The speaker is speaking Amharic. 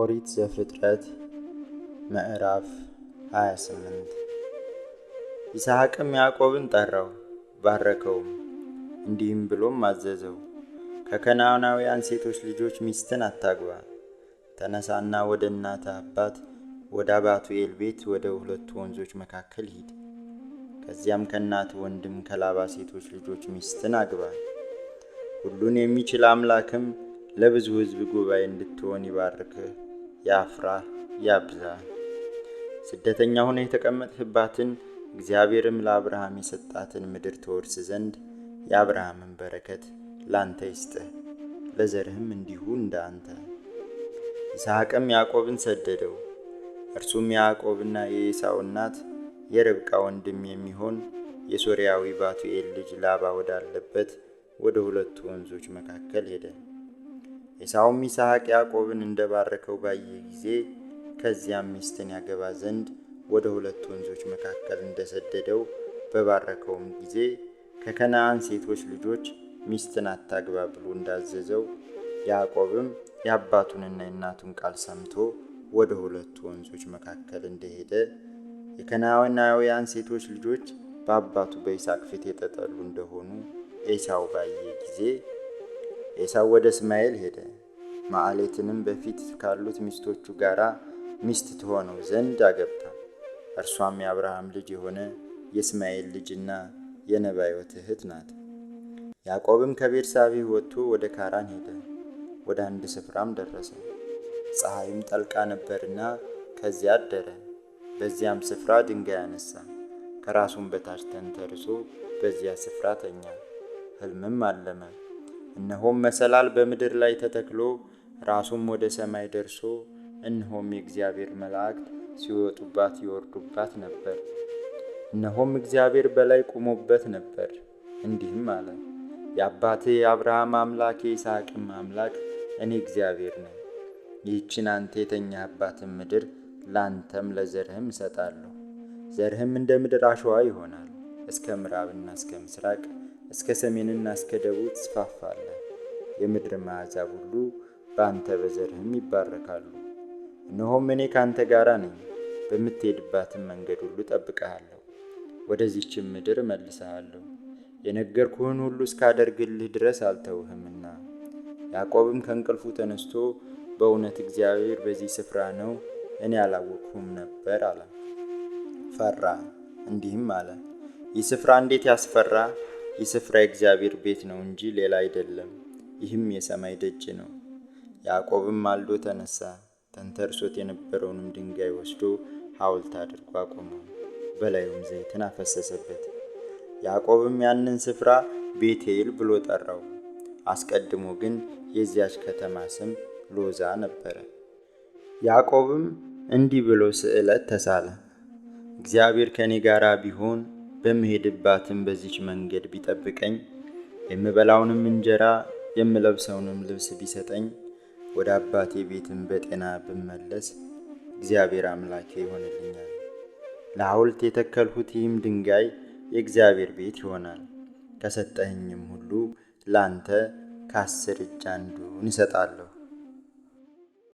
ኦሪት ዘፍጥረት ምዕራፍ 28 ይስሐቅም ያዕቆብን ጠራው፣ ባረከውም፣ እንዲህም ብሎም አዘዘው፣ ከከናናውያን ሴቶች ልጆች ሚስትን አታግባ። ተነሳና ወደ እናተ አባት ወደ ኤል ቤት ወደ ሁለቱ ወንዞች መካከል ሂድ። ከዚያም ከእናት ወንድም ከላባ ሴቶች ልጆች ሚስትን አግባ። ሁሉን የሚችል አምላክም ለብዙ ህዝብ ጉባኤ እንድትሆን ይባርክህ፣ ያፍራ ያብዛ። ስደተኛ ሆነ የተቀመጥህባትን እግዚአብሔርም ለአብርሃም የሰጣትን ምድር ተወርስ ዘንድ የአብርሃምን በረከት ላንተ ይስጥህ፣ ለዘርህም እንዲሁ እንደ አንተ። ይስሐቅም ያዕቆብን ሰደደው። እርሱም የያዕቆብና የኤሳው እናት የርብቃ ወንድም የሚሆን የሶርያዊ ባቱኤል ልጅ ላባ ወዳለበት ወደ ሁለቱ ወንዞች መካከል ሄደ። ኤሳውም ይስሐቅ ያዕቆብን እንደባረከው ባየ ጊዜ ከዚያም ሚስትን ያገባ ዘንድ ወደ ሁለት ወንዞች መካከል እንደሰደደው በባረከውም ጊዜ ከከነአን ሴቶች ልጆች ሚስትን አታግባ ብሎ እንዳዘዘው ያዕቆብም የአባቱንና የእናቱን ቃል ሰምቶ ወደ ሁለቱ ወንዞች መካከል እንደሄደ የከነዓናውያን ሴቶች ልጆች በአባቱ በይስቅ ፊት የተጠሉ እንደሆኑ ኤሳው ባየ ጊዜ ኤሳው ወደ እስማኤል ሄደ። ማዕሌትንም በፊት ካሉት ሚስቶቹ ጋር ሚስት ትሆነው ዘንድ አገባ። እርሷም የአብርሃም ልጅ የሆነ የእስማኤል ልጅና የነባዮት እህት ናት። ያዕቆብም ከቤርሳቢ ወጥቶ ወደ ካራን ሄደ። ወደ አንድ ስፍራም ደረሰ። ፀሐይም ጠልቃ ነበርና ከዚያ አደረ። በዚያም ስፍራ ድንጋይ አነሳ። ከራሱም በታች ተንተርሶ በዚያ ስፍራ ተኛ። ህልምም አለመ። እነሆም መሰላል በምድር ላይ ተተክሎ ራሱም ወደ ሰማይ ደርሶ እነሆም የእግዚአብሔር መላእክት ሲወጡባት ይወርዱባት ነበር። እነሆም እግዚአብሔር በላይ ቆሞበት ነበር፣ እንዲህም አለ፣ የአባቴ የአብርሃም አምላክ የይስሐቅም አምላክ እኔ እግዚአብሔር ነኝ። ይህችን አንተ የተኛህባትን ምድር ለአንተም ለዘርህም እሰጣለሁ፣ ዘርህም እንደ ምድር አሸዋ ይሆናል፣ እስከ ምዕራብና እስከ ምስራቅ እስከ ሰሜንና እስከ ደቡብ ትስፋፋለህ። የምድር ማሕዛብ ሁሉ በአንተ በዘርህም ይባረካሉ። እነሆም እኔ ከአንተ ጋራ ነኝ፣ በምትሄድባትም መንገድ ሁሉ ጠብቀሃለሁ፣ ወደዚችም ምድር እመልሰሃለሁ። የነገርኩህን ሁሉ እስካደርግልህ ድረስ አልተውህምና። ያዕቆብም ከእንቅልፉ ተነስቶ በእውነት እግዚአብሔር በዚህ ስፍራ ነው፣ እኔ አላወቅሁም ነበር አለ። ፈራ፣ እንዲህም አለ፦ ይህ ስፍራ እንዴት ያስፈራ ይህ ስፍራ የእግዚአብሔር ቤት ነው እንጂ ሌላ አይደለም፣ ይህም የሰማይ ደጅ ነው። ያዕቆብም ማልዶ ተነሳ፣ ተንተርሶት የነበረውንም ድንጋይ ወስዶ ሐውልት አድርጎ አቆመው፣ በላዩም ዘይትን አፈሰሰበት። ያዕቆብም ያንን ስፍራ ቤቴል ብሎ ጠራው። አስቀድሞ ግን የዚያች ከተማ ስም ሎዛ ነበረ። ያዕቆብም እንዲህ ብሎ ስዕለት ተሳለ፣ እግዚአብሔር ከእኔ ጋር ቢሆን በምሄድባትም በዚች መንገድ ቢጠብቀኝ የምበላውንም እንጀራ የምለብሰውንም ልብስ ቢሰጠኝ ወደ አባቴ ቤትም በጤና ብመለስ እግዚአብሔር አምላኬ ይሆንልኛል። ለሐውልት የተከልሁት ይህም ድንጋይ የእግዚአብሔር ቤት ይሆናል። ከሰጠኸኝም ሁሉ ለአንተ ከአስር እጅ አንዱን እሰጣለሁ።